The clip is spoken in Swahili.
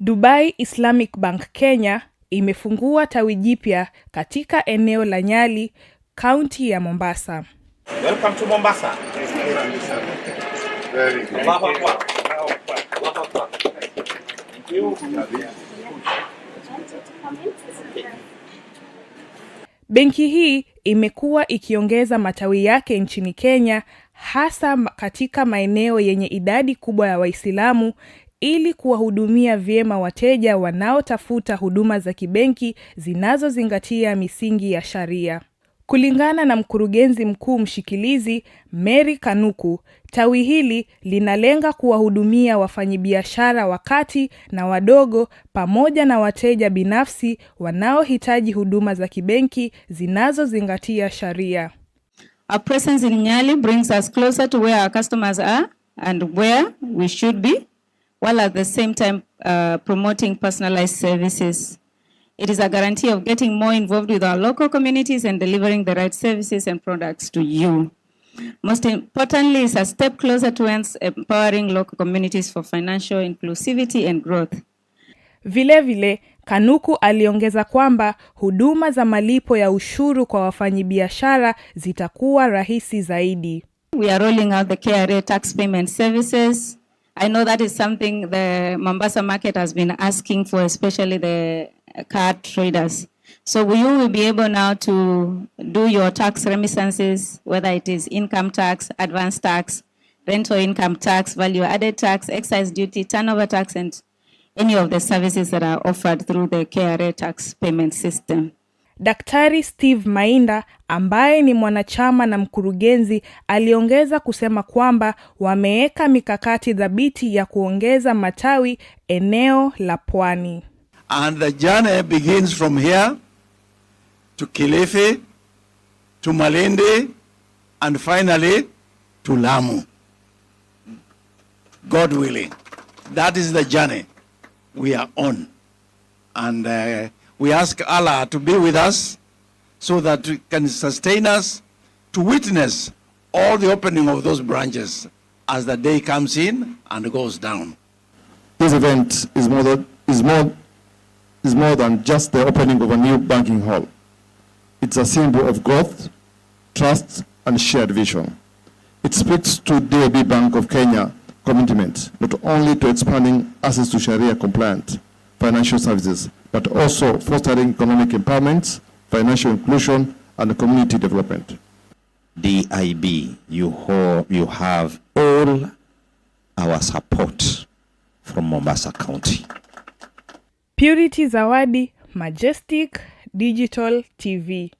Dubai Islamic Bank Kenya imefungua tawi jipya katika eneo la Nyali, kaunti ya Mombasa. Welcome to Mombasa. Very good. Benki hii imekuwa ikiongeza matawi yake nchini Kenya hasa katika maeneo yenye idadi kubwa ya Waislamu ili kuwahudumia vyema wateja wanaotafuta huduma za kibenki zinazozingatia misingi ya sharia. Kulingana na mkurugenzi mkuu mshikilizi Mary Kanuku, tawi hili linalenga kuwahudumia wafanyibiashara wa kati na wadogo pamoja na wateja binafsi wanaohitaji huduma za kibenki zinazozingatia sharia. Our presence in Nyali brings us closer to where our customers are and where we should be while at the same time uh, promoting personalized services. It is a guarantee of getting more involved with our local communities and delivering the right services and products to you. Most importantly, it's a step closer to empowering local communities for financial inclusivity and growth. Vile vile, Kanuku aliongeza kwamba huduma za malipo ya ushuru kwa wafanyabiashara zitakuwa rahisi zaidi. We are rolling out the KRA tax payment services I know that is something the Mombasa market has been asking for, especially the car traders. So will you will be able now to do your tax remittances, whether it is income tax, advance tax, rental income tax, value added tax, excise duty, turnover tax, and any of the services that are offered through the KRA tax payment system. Daktari Steve Mainda ambaye ni mwanachama na mkurugenzi aliongeza kusema kwamba wameweka mikakati dhabiti ya kuongeza matawi eneo la pwani. And the journey begins from here to Kilifi to Malindi and finally to Lamu. God willing. That is the journey we are on. And uh, We ask Allah to be with us so that He can sustain us to witness all the opening of those branches as the day comes in and goes down. This event is more than, is more, is more than just the opening of a new banking hall. It's a symbol of growth, trust, and shared vision. It speaks to DB Bank of Kenya commitment not only to expanding access to Sharia compliant financial services, but also fostering economic empowerment, financial inclusion, and community development. DIB, you, ho you have all our support from Mombasa County. Purity Zawadi, Majestic Digital TV.